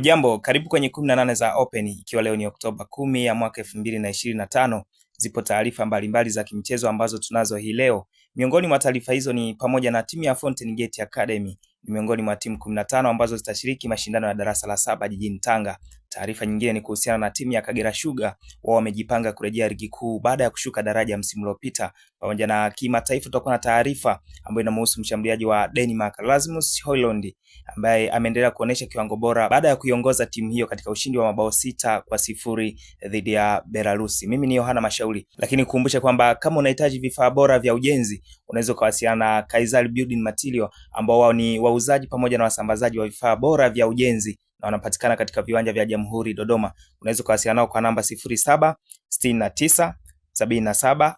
Ujambo, karibu kwenye 18 za Open, ikiwa leo ni Oktoba 10 ya mwaka 2025. Zipo taarifa mbalimbali za kimchezo ambazo tunazo hii leo. Miongoni mwa taarifa hizo ni pamoja na timu ya Fountain Gate Academy ni miongoni mwa timu 15 ambazo zitashiriki mashindano ya darasa la saba jijini Tanga. Taarifa nyingine ni kuhusiana na timu ya Kagera Sugar, wao wamejipanga kurejea ligi kuu baada ya kushuka daraja msimu uliopita. Pamoja na kimataifa, tutakuwa na taarifa ambayo inamhusu mshambuliaji wa Denmark Rasmus Højlund ambaye ameendelea kuonyesha kiwango bora baada ya kuiongoza timu hiyo katika ushindi wa mabao sita kwa sifuri dhidi ya Belarusi. Mimi ni Yohana Mashauri, lakini kukumbusha kwamba kama unahitaji vifaa bora vya ujenzi unaweza ukawasiliana na Kaizali Building Material ambao wao ni wauzaji pamoja na wasambazaji wa vifaa bora vya ujenzi na wanapatikana katika viwanja vya Jamhuri Dodoma. Unaweza kuwasiliana nao kwa namba 0769 77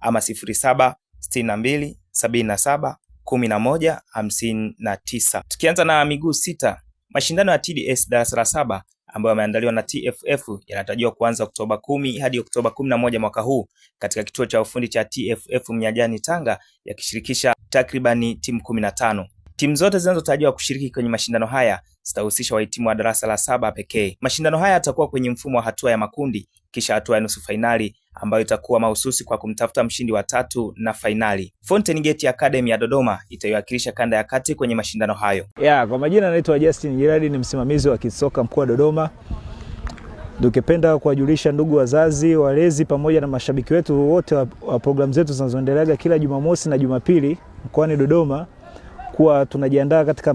ama 0762 Tukianza na miguu sita, mashindano ya TDS darasa la saba ambayo yameandaliwa na TFF yanatarajiwa kuanza Oktoba kumi hadi Oktoba kumi na moja mwaka huu katika kituo cha ufundi cha TFF Mnyajani Tanga, yakishirikisha takribani timu kumi na tano. Timu zote zinazotarajiwa kushiriki kwenye mashindano haya zitahusisha wahitimu wa darasa la saba pekee. Mashindano haya yatakuwa kwenye mfumo wa hatua ya makundi, kisha hatua ya nusu fainali ambayo itakuwa mahususi kwa kumtafuta mshindi wa tatu na fainali. Fountain Gate Academy ya Dodoma itaiwakilisha kanda ya kati kwenye mashindano hayo. Yeah, kwa majina naitwa Justin Jiradi, ni msimamizi wa kisoka mkoa wa Dodoma. Tukipenda kuwajulisha ndugu wazazi, walezi pamoja na mashabiki wetu wote wa programu zetu zinazoendeleaga kila Jumamosi na Jumapili mkoani Dodoma kuwa tunajiandaa katika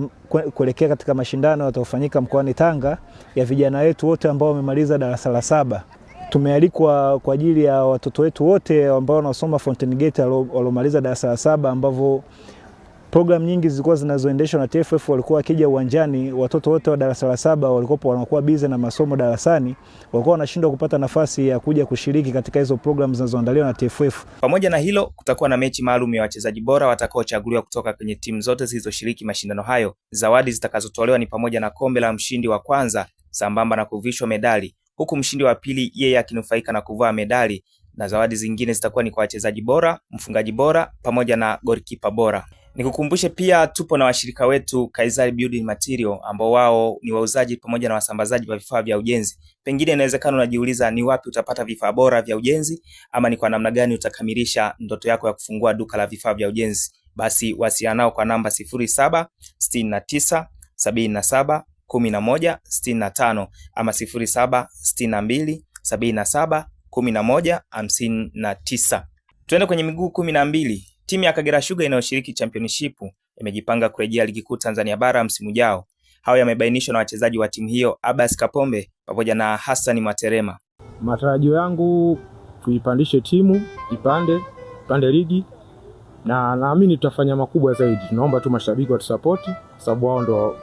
kuelekea katika mashindano yatayofanyika mkoani Tanga ya vijana wetu wote ambao wamemaliza darasa la saba. Tumealikwa kwa ajili ya watoto wetu wote ambao wanasoma Fountain Gate waliomaliza darasa la saba ambavyo program nyingi zilikuwa zinazoendeshwa na TFF, walikuwa wakija uwanjani, watoto wote wa darasa la saba walikuwa wanakuwa bize na masomo darasani, walikuwa wanashindwa kupata nafasi ya kuja kushiriki katika hizo program zinazoandaliwa na TFF. Pamoja na hilo, kutakuwa na mechi maalum ya wachezaji bora watakaochaguliwa kutoka kwenye timu zote zilizoshiriki mashindano hayo. Zawadi zitakazotolewa ni pamoja na kombe la mshindi wa kwanza sambamba na kuvishwa medali, huku mshindi wa pili yeye akinufaika na kuvaa medali, na zawadi zingine zitakuwa ni kwa wachezaji bora, mfungaji bora pamoja na golikipa bora. Nikukumbushe pia tupo na washirika wetu Kaisari Building Material ambao wao ni wauzaji pamoja na wasambazaji wa vifaa vya ujenzi. Pengine inawezekana unajiuliza ni wapi utapata vifaa bora vya ujenzi ama ni kwa namna gani utakamilisha ndoto yako ya kufungua duka la vifaa vya ujenzi. Basi wasiliana nao kwa namba 0769 77 11 65 ama 0762 77 11 59. Tuende kwenye miguu kumi na mbili. Timu ya Kagera Sugar inayoshiriki championship imejipanga kurejea ligi kuu Tanzania bara msimu ujao. Hayo yamebainishwa na wachezaji wa timu hiyo Abbas Kapombe pamoja na Hassan Mwaterema. Matarajio yangu tuipandishe timu, ipande pande ligi na naamini tutafanya makubwa zaidi. Tunaomba tu mashabiki watusapoti, sababu wao ndo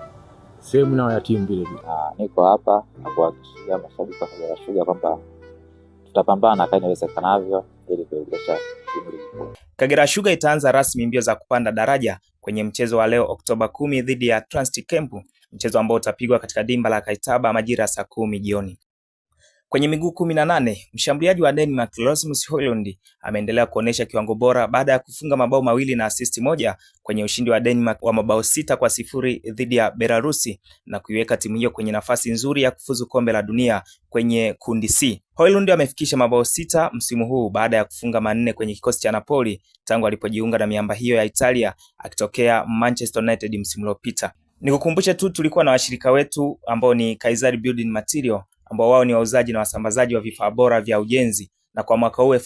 sehemu nao ya timu vile vile. Ah, niko hapa na kuhakikishia mashabiki wa Kagera Sugar kwamba tutapambana kama inawezekanavyo ili kuendelea Kagera Sugar itaanza rasmi mbio za kupanda daraja kwenye mchezo wa leo Oktoba kumi dhidi ya Trans Kempu, mchezo ambao utapigwa katika dimba la Kaitaba majira ya saa kumi jioni. Kwenye miguu kumi na nane, mshambuliaji wa Denmark Rasmus Højlund ameendelea kuonesha kiwango bora baada ya kufunga mabao mawili na asisti moja kwenye ushindi wa Denmark wa mabao sita kwa sifuri dhidi ya Belarusi na kuiweka timu hiyo kwenye nafasi nzuri ya kufuzu kombe la dunia kwenye kundi C. Højlund amefikisha mabao sita msimu huu baada ya kufunga manne kwenye kikosi cha Napoli tangu alipojiunga na miamba hiyo ya Italia akitokea Manchester United msimu uliopita. Nikukumbushe tu tulikuwa na washirika wetu ambao ni Kaizari Building Material ambao wao ni wauzaji na wasambazaji wa vifaa bora vya ujenzi, na kwa mwaka huu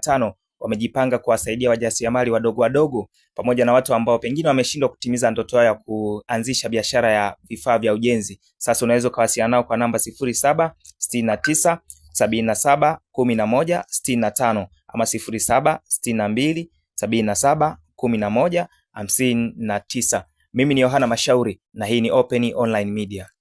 tano wamejipanga kuwasaidia wajasiriamali wadogo wadogo pamoja na watu ambao pengine wameshindwa kutimiza ndoto yao ya kuanzisha biashara ya vifaa vya ujenzi. Sasa unaweza ukawasiliana nao kwa namba 0769 77 11 65 ama 0762 77 11 59. Mimi ni Yohana Mashauri na hii ni Open Online Media.